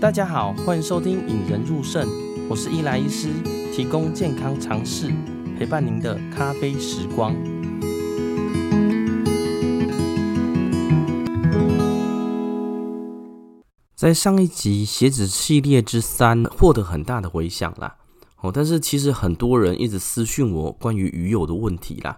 大家好，歡迎收聽《引人入腎》，我是伊萊醫師，提供健康常識，陪伴您的咖啡時光。在上一集血脂系列之三獲得很大的回響啦。哦，但是其實很多人一直私訊我關於魚油的問題啦。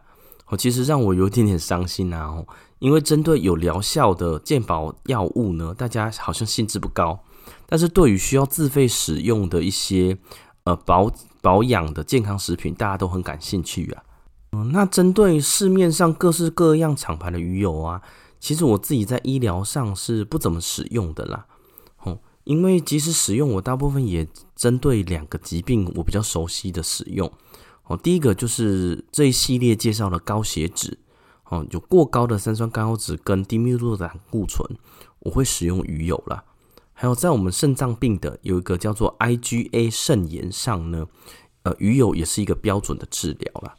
哦，其實讓我有點點傷心啊。哦，因為針對有療效的健保藥物呢，大家好像興致不高。但是對於需要自費使用的一些，呃保保養的健康食品，大家都很感興趣啊。嗯，那針對市面上各式各樣廠牌的魚油啊，其實我自己在醫療上是不怎麼使用的啦。哦、嗯，因為即使使用，我大部分也針對兩個疾病我比較熟悉的使用。哦、嗯，第一個就是這一系列介紹的高血脂，哦、嗯，有過高的三酸甘油酯跟低密度膽固醇，我會使用魚油啦。還有，在我們腎臟病的有一個叫做 IgA 腎炎上呢，呃，魚油也是一個標準的治療啦。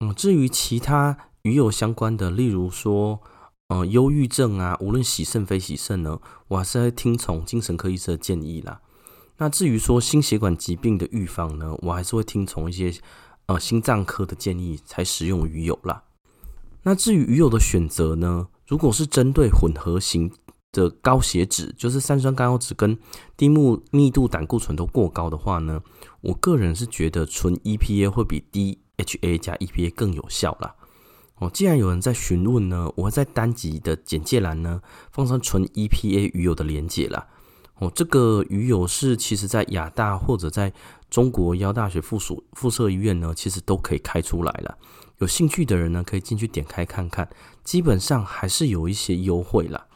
嗯，至於其他魚油相關的，例如說，呃，憂鬱症啊，無論洗腎非洗腎呢，我還是會聽從精神科醫師的建議啦。那至於說心血管疾病的預防呢，我還是會聽從一些呃心臟科的建議才使用魚油啦。那至於魚油的選擇呢，如果是針對混合型的高血脂，就是三酸甘油酯跟低木密度膽固醇都過高的話呢，我個人是覺得純 EPA 會比 DHA 加 EPA 更有效啦。哦，既然有人在詢問呢，我會在單集的簡介欄呢放上純 EPA 魚油的連接啦。哦，這個魚油是其實在亞大或者在中國醫藥大學附屬附設醫院呢，其實都可以開出來了。有興趣的人呢，可以進去點開看看，基本上還是有一些優惠啦。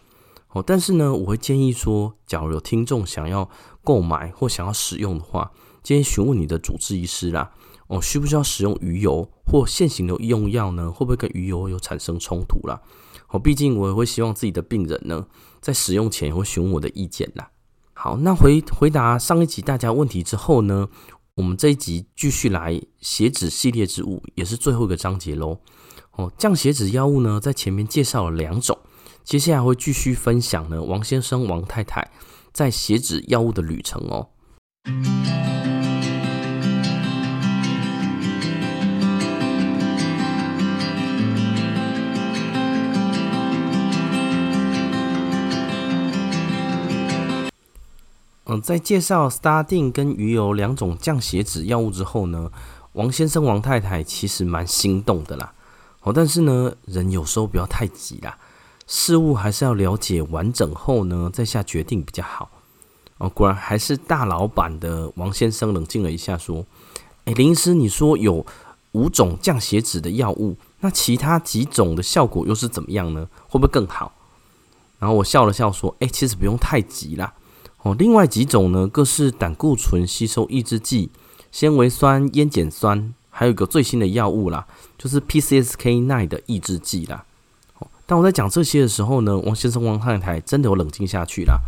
哦，但是呢，我會建議說，假如有聽眾想要購買或想要使用的話，建議詢問你的主治醫師啦。哦，需不需要使用魚油或現行的用藥，藥呢？會不會跟魚油有產生衝突啦？哦，畢竟我也會希望自己的病人呢，在使用前也會詢問我的意見啦。好，那回回答上一集大家問題之後呢，我們這一集繼續來血脂系列之物，也是最後一個章節嘍。哦，降血脂藥物呢，在前面介紹了兩種。接下來會繼續分享呢，王先生、王太太在血脂藥物的旅程哦。嗯，嗯嗯，在介紹 Statin 跟魚油兩種降血脂藥物之後呢，王先生、王太太其實蠻心動的啦。哦，但是呢，人有時候不要太急啦。事物還是要了解完整後呢，再下決定比較好哦。果然還是大老闆的王先生冷靜了一下，說：“哎，林醫師，你說有五種降血脂的藥物，那其他幾種的效果又是怎麼樣呢？會不會更好？”然後我笑了笑說：“哎，其實不用太急啦。哦，另外幾種呢，各是膽固醇吸收抑制劑、纖維酸、菸鹼酸，還有一個最新的藥物啦，就是 PCSK9 的抑制劑啦。”當我在講這些的時候呢，王先生、王太太真的有冷靜下去啦，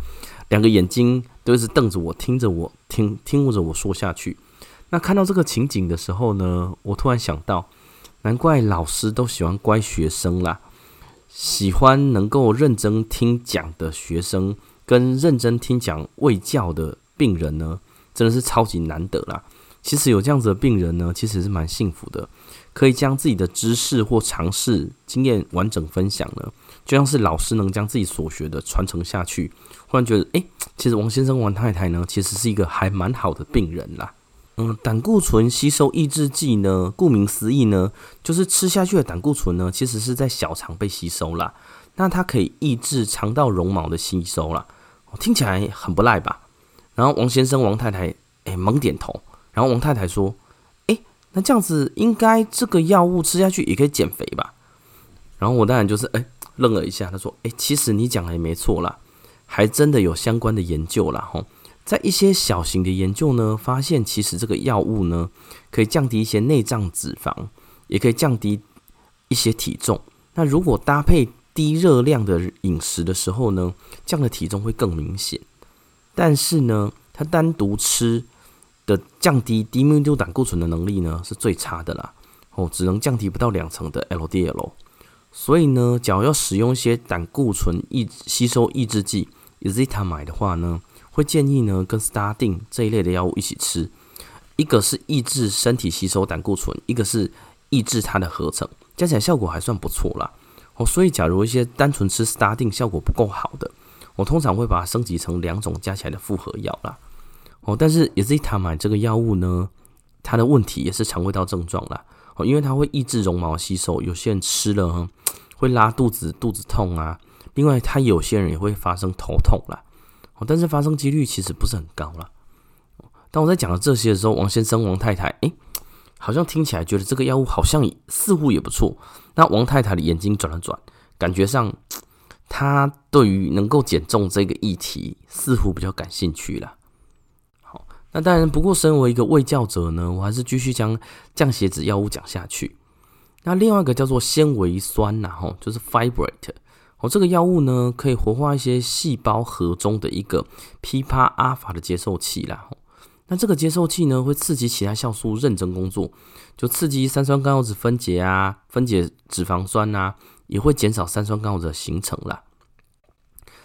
兩個眼睛都一直瞪着我，聽着我聽，聽着我說下去。那看到這個情景的時候呢，我突然想到，難怪老師都喜歡乖學生啦，喜歡能夠認真聽講的學生，跟認真聽講衛教的病人呢，真的是超級難得啦。其實有這樣子的病人呢，其實是蠻幸福的。可以將自己的知識或嘗試經驗完整分享呢？就像是老師能將自己所學的傳承下去。忽然覺得，哎，其實王先生、王太太呢，其實是一個還蠻好的病人啦。嗯，膽固醇吸收抑制劑呢，顧名思義呢，就是吃下去的膽固醇呢，其實是在小腸被吸收啦。那它可以抑制腸道絨毛的吸收啦。聽起來很不賴吧？然後王先生、王太太哎、欸，猛點頭。然後王太太說。那這樣子，應該這個藥物吃下去也可以減肥吧？然後我當然就是哎、欸，愣了一下。他說：“哎、欸，其實你講的也沒錯啦，還真的有相關的研究啦吼。在一些小型的研究呢，發現其實這個藥物呢，可以降低一些內臟脂肪，也可以降低一些體重。那如果搭配低熱量的飲食的時候呢，這樣的體重會更明顯。但是呢，它單獨吃。”的降低低密度膽固醇的能力呢，是最差的啦。哦，只能降低不到兩成的 LDL。所以呢，假如要使用一些膽固醇抑吸收抑制劑 ezetimibe 的話呢，會建議呢跟 statin 這一類的藥物一起吃，一個是抑制身體吸收膽固醇，一個是抑制它的合成，加起來效果還算不錯啦。哦，所以假如一些單純吃 statin 效果不夠好的，我、哦、通常會把它升級成兩種加起來的複合藥啦。哦，但是乙酰塔買這個藥物呢，它的問題也是腸胃道症狀啦。哦，因為它會抑制絨毛吸收，有些人吃了會拉肚子、肚子痛啊。另外，他有些人也會發生頭痛啦。哦，但是發生幾率其實不是很高啦。當我在講到這些的時候，王先生、王太太，誒、欸，好像聽起來覺得這個藥物好像似乎也不錯。那王太太的眼睛轉了轉，感覺上她對於能夠減重這個議題似乎比較感興趣了。那當然，不過身為一個衛教者呢，我還是繼續將降血脂藥物講下去。那另外一個叫做纖維酸吶吼，就是 fibrate，哦，這個藥物呢可以活化一些細胞核中的一個 PPAR 阿法的接受器啦吼。那這個接受器呢會刺激其他酵素認真工作，就刺激三酸甘油酯分解啊，分解脂肪酸吶、啊，也會減少三酸甘油酯的形成啦。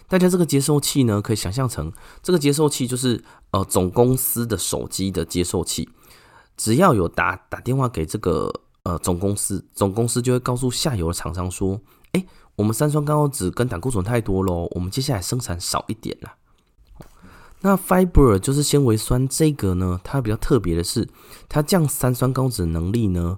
大家這個接收器呢，可以想象成這個接收器就是呃總公司的手機的接收器，只要有打打電話給這個呃總公司，總公司就會告訴下游的廠商說，哎、欸，我們三酸甘油酯跟膽固醇太多咯，我們接下來生產少一點啦、啊。那 fiber 就是纖維酸這個呢，它比較特別的是，它降三酸甘油酯能力呢，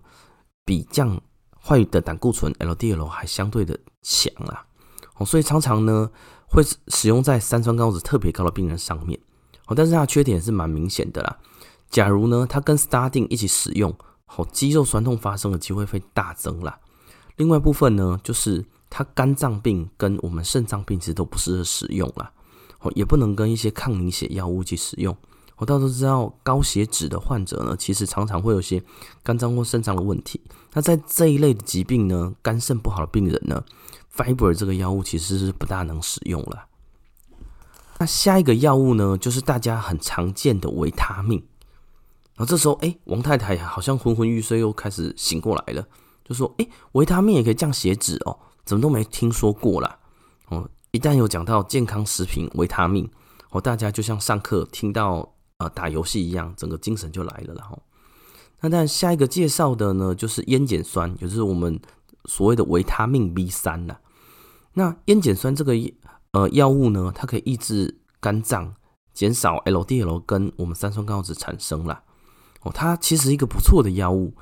比降壞的膽固醇 LDL 還相對的強啦、啊。哦，所以常常呢。會使用在三酸甘油酯特別高的病人上面，哦，但是它的缺點是蠻明顯的啦。假如呢，它跟 statin 一起使用，肌肉酸痛發生的機會會大增啦。另外一部分呢，就是它肝臟病跟我們腎臟病其實都不適合使用啦，哦，也不能跟一些抗凝血藥物去使用。我倒是知道，高血脂的患者呢，其實常常會有些肝臟或腎臟的問題。那在這一類的疾病呢，肝腎不好的病人呢 fiber 這個藥物其實是不大能使用了。那下一個藥物呢，就是大家很常見的維他命。然後這時候，欸，王太太好像昏昏欲睡，又開始醒過來了，就說：“欸，維他命也可以降血脂哦？怎麼都沒聽說過啦哦，一旦有講到健康食品維他命，哦，大家就像上課聽到。”呃，打遊戲一樣，整個精神就來了。然後，那但下一個介紹的呢，就是菸鹼酸酸，也就是我們所謂的維他命 B 三啦。那菸鹼酸這個呃藥物呢，它可以抑制肝臟減少 LDL 跟我們三酸甘油酯產生啦。哦，它其實一個不錯的藥物，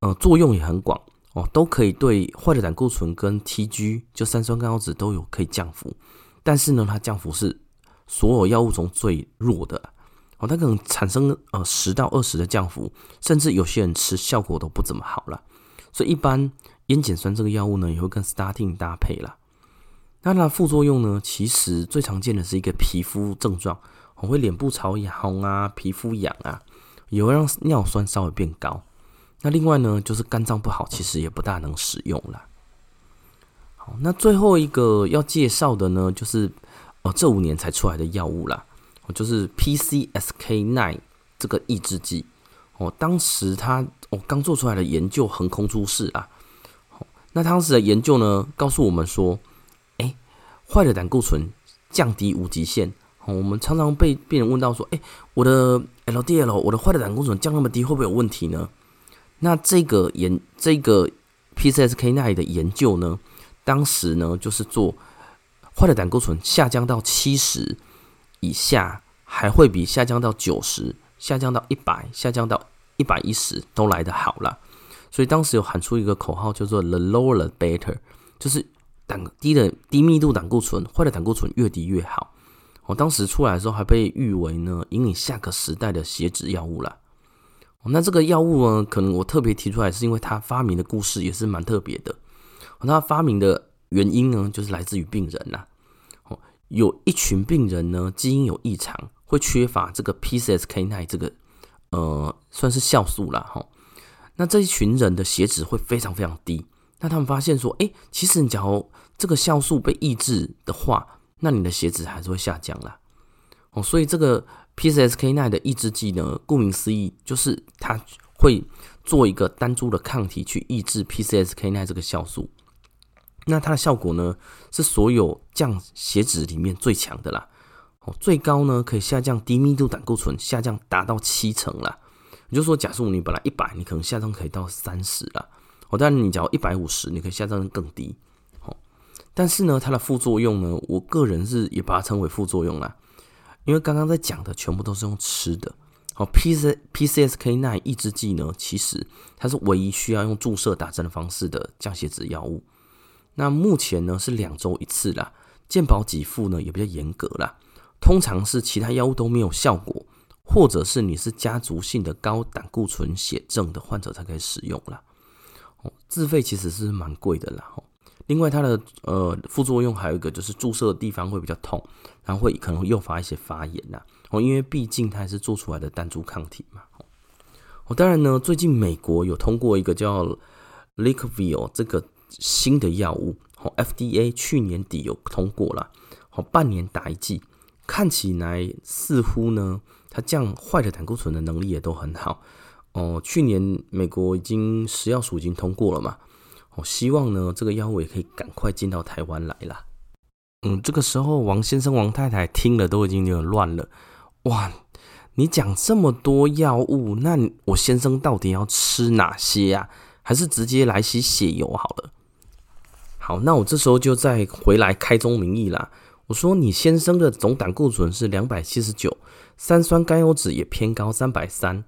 呃，作用也很廣哦，都可以對壞的膽固醇跟 TG 就三酸甘油酯都有可以降服。但是呢，它降幅是所有藥物中最弱的。哦，它可能產生呃十到二十的降幅，甚至有些人吃效果都不怎麼好了，所以一般菸鹼酸這個藥物呢，也會跟 statin 搭配啦。那它副作用呢，其實最常見的是一個皮膚症狀，哦，會臉部潮紅啊，皮膚癢啊，也會讓尿酸稍微變高。那另外呢，就是肝臟不好，其實也不大能使用啦。好，那最後一個要介紹的呢，就是哦，呃，這五年才出來的藥物啦。就是 PCSK9 這個抑制劑哦，當時它哦剛做出來的研究橫空出世啊！那當時的研究呢，告訴我們說，哎，壞的膽固醇降低無極限。我們常常被病人問到說，哎，我的 LDL，我的壞的膽固醇降那麼低，會不會有問題呢？那這個研這個 PCSK9 的研究呢，當時呢就是做壞的膽固醇下降到七十，以下還會比下降到九十、下降到一百、下降到一百一十都來得好啦，所以當時有喊出一個口號，叫做 “The lower the better”，就是膽低的低密度膽固醇、壞的膽固醇越低越好。我、哦、當時出來的時候還被譽為呢引領下個時代的血脂藥物啦、哦、那這個藥物呢，可能我特別提出來，是因為它發明的故事也是蠻特別的、哦。它發明的原因呢，就是來自於病人吶、啊。有一群病人呢，基因有異常，會缺乏這個 PCSK9 這個呃，算是酵素啦，哈。那這一群人的血脂會非常非常低。那他們發現說，哎，其實你假如這個酵素被抑制的話，那你的血脂還是會下降啦。哦，所以這個 PCSK9 的抑制劑呢，顧名思義，就是它會做一個單株的抗體去抑制 PCSK9 這個酵素。那它的效果呢，是所有降血脂裡面最強的啦。哦，最高呢可以下降低密度膽固醇下降達到七成啦。也就是說，假設你本來一百，你可能下降可以到三十啦。哦，但你只要一百五十，你可以下降得更低。哦，但是呢，它的副作用呢，我個人是也把它稱為副作用啦。因為剛剛在講的全部都是用吃的。哦，P C P C S K 9抑制劑呢，其實它是唯一需要用注射打針的方式的降血脂藥物。那目前呢是兩週一次啦，健保給付呢也比較嚴格啦，通常是其他藥物都沒有效果，或者是你是家族性的高膽固醇血症的患者才可以使用啦。哦，自費其實是蠻貴的啦。哦，另外它的呃副作用還有一個就是注射的地方會比較痛，然後會可能誘發一些發炎啦。哦，因為畢竟它是做出來的單株抗體嘛。哦，當然呢，最近美國有通過一個叫 Leqvio 這個。新的藥物，好，FDA 去年底有通過了，好，半年打一劑，看起來似乎呢，它降壞的膽固醇的能力也都很好，哦、呃，去年美國已經食藥署已經通過了嘛，我希望呢這個藥物也可以趕快進到台灣來啦。嗯，這個時候王先生、王太太聽了都已經有點亂了，哇，你講這麼多藥物，那我先生到底要吃哪些啊？還是直接來洗血油好了？好，那我這時候就再回來開宗明義啦。我說，你先生的總膽固醇是兩百七十九，三酸甘油酯也偏高三百三，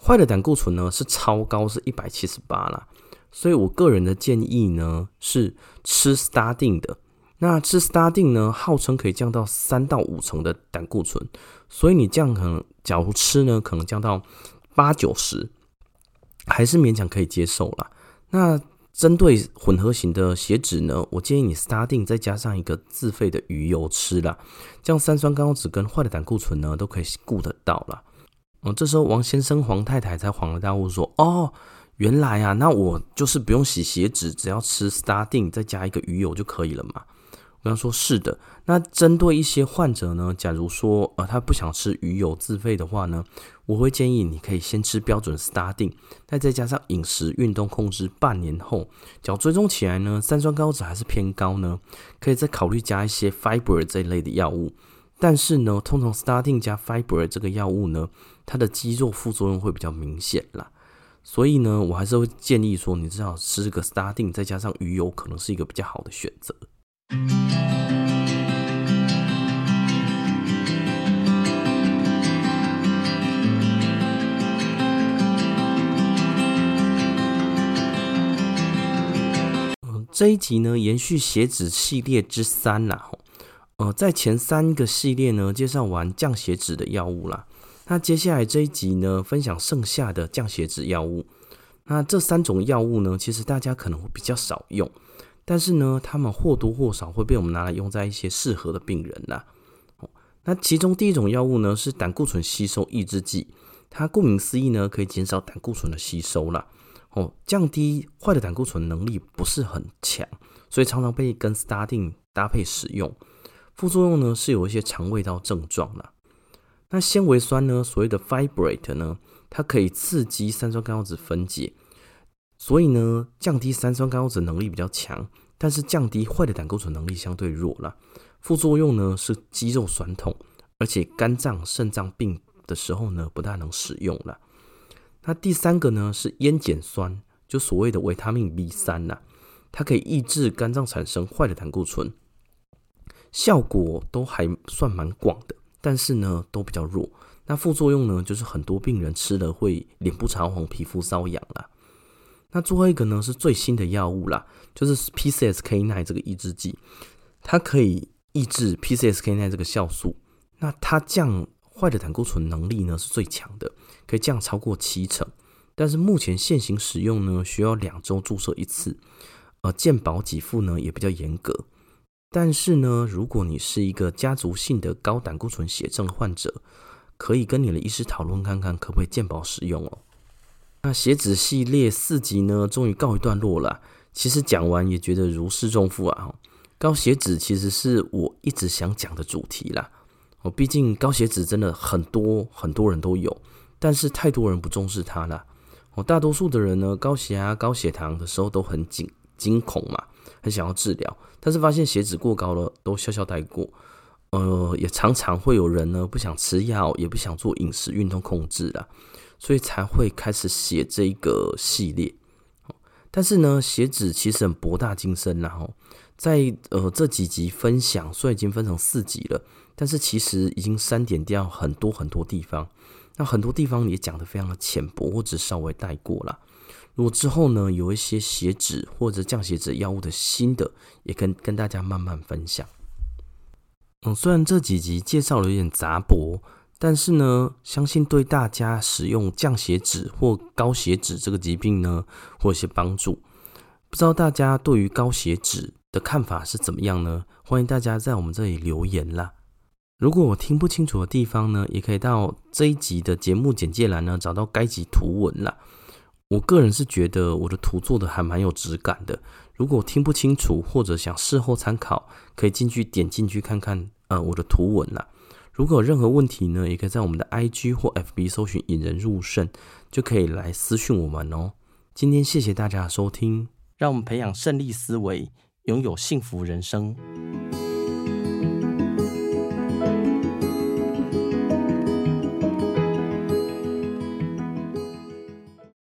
壞的膽固醇呢是超高，是一百七十八啦。所以我個人的建議呢是吃 statin 的。那吃 statin 呢，號稱可以降到三到五成的膽固醇，所以你降可能，假如吃呢，可能降到八九十，還是勉強可以接受啦。那針對混合型的血脂呢，我建議你 statin 再加上一個自費的魚油吃啦，這樣三酸甘油酯跟壞的膽固醇呢都可以顧得到啦。嗯，這時候王先生王太太才恍然大悟說：哦，原來啊，那我就是不用洗血脂，只要吃 statin 再加一個魚油就可以了嘛。比方說是的，那針對一些患者呢，假如說呃他不想吃魚油自費的話呢，我會建議你可以先吃標準 statin，那再加上飲食運動控制半年後，只要追蹤起來呢，三酸甘油酯還是偏高呢，可以再考慮加一些 fiber 這一類的藥物。但是呢，通常 statin 加 fiber 這個藥物呢，它的肌肉副作用會比較明顯啦，所以呢，我還是會建議說，你至少吃個 statin，再加上魚油可能是一個比較好的選擇。嗯、呃，這一集呢，延續血脂系列之三啦。哦、呃，在前三個系列呢，介紹完降血脂的藥物啦，那接下來這一集呢，分享剩下的降血脂藥物。那這三種藥物呢，其實大家可能會比較少用。但是呢，他們或多或少會被我們拿來用在一些適合的病人吶。那其中第一種藥物呢是膽固醇吸收抑制劑，它顧名思義呢，可以減少膽固醇的吸收啦。哦，降低壞的膽固醇能力不是很強，所以常常被跟 statin 搭配使用。副作用呢是有一些腸胃道症狀啦。那纖維酸呢，所謂的 fibrate 呢，它可以刺激三酸甘油酯分解。所以呢，降低三酸甘油酯能力比較強，但是降低壞的膽固醇能力相對弱了。副作用呢是肌肉酸痛，而且肝臟腎臟病的時候呢，不大能使用了。那第三個呢是菸鹼酸，酸，就所謂的維他命 B 三吶，它可以抑制肝臟產生壞的膽固醇，效果都還算蠻廣的，但是呢都比較弱。那副作用呢就是很多病人吃了會臉部潮紅、皮膚瘙癢啦。那最後一個呢是最新的藥物啦，就是 PCSK9 這個抑制劑，它可以抑制 PCSK9 這個酵素，那它降壞的膽固醇能力呢是最強的，可以降超過七成。但是目前現行使用呢，需要兩週注射一次，呃，健保給付呢也比較嚴格。但是呢，如果你是一個家族性的高膽固醇血症患者，可以跟你的醫師討論看看可不可以健保使用哦。那血脂系列四集呢，終於告一段落了。其實講完也覺得如釋重負啊。高血脂其實是我一直想講的主題啦。我畢竟高血脂真的很多很多人都有，但是太多人不重視它了。我大多數的人呢，高血壓、啊、高血糖的時候都很驚驚恐嘛，很想要治療，但是發現血脂過高了都笑笑帶過。呃，也常常會有人呢不想吃藥，也不想做飲食運動控制啦。所以才會開始寫這一個系列，但是呢，血脂其實很博大精深、喔，然後在呃這幾集分享，雖然已經分成四集了，但是其實已經刪減掉很多很多地方，那很多地方也講得非常的淺薄，我只稍微帶過了。如果之後呢，有一些血脂或者降血脂藥物的新的，也跟跟大家慢慢分享。嗯，雖然這幾集介紹了有點雜薄。但是呢，相信對大家使用降血脂或高血脂這個疾病呢，會有一些幫助。不知道大家對於高血脂的看法是怎麼樣呢？歡迎大家在我們這裡留言啦。如果我聽不清楚的地方呢，也可以到這一集的節目簡介欄呢，找到該集圖文啦。我個人是覺得我的圖做的還蠻有質感的。如果我聽不清楚或者想事後參考，可以進去點進去看看，呃，我的圖文啦。如果有任何問題呢，也可以在我們的 IG 或 FB 搜尋“引人入勝”，就可以來私訊我們哦。今天謝謝大家的收聽，讓我們培養勝利思維，擁有幸福人生。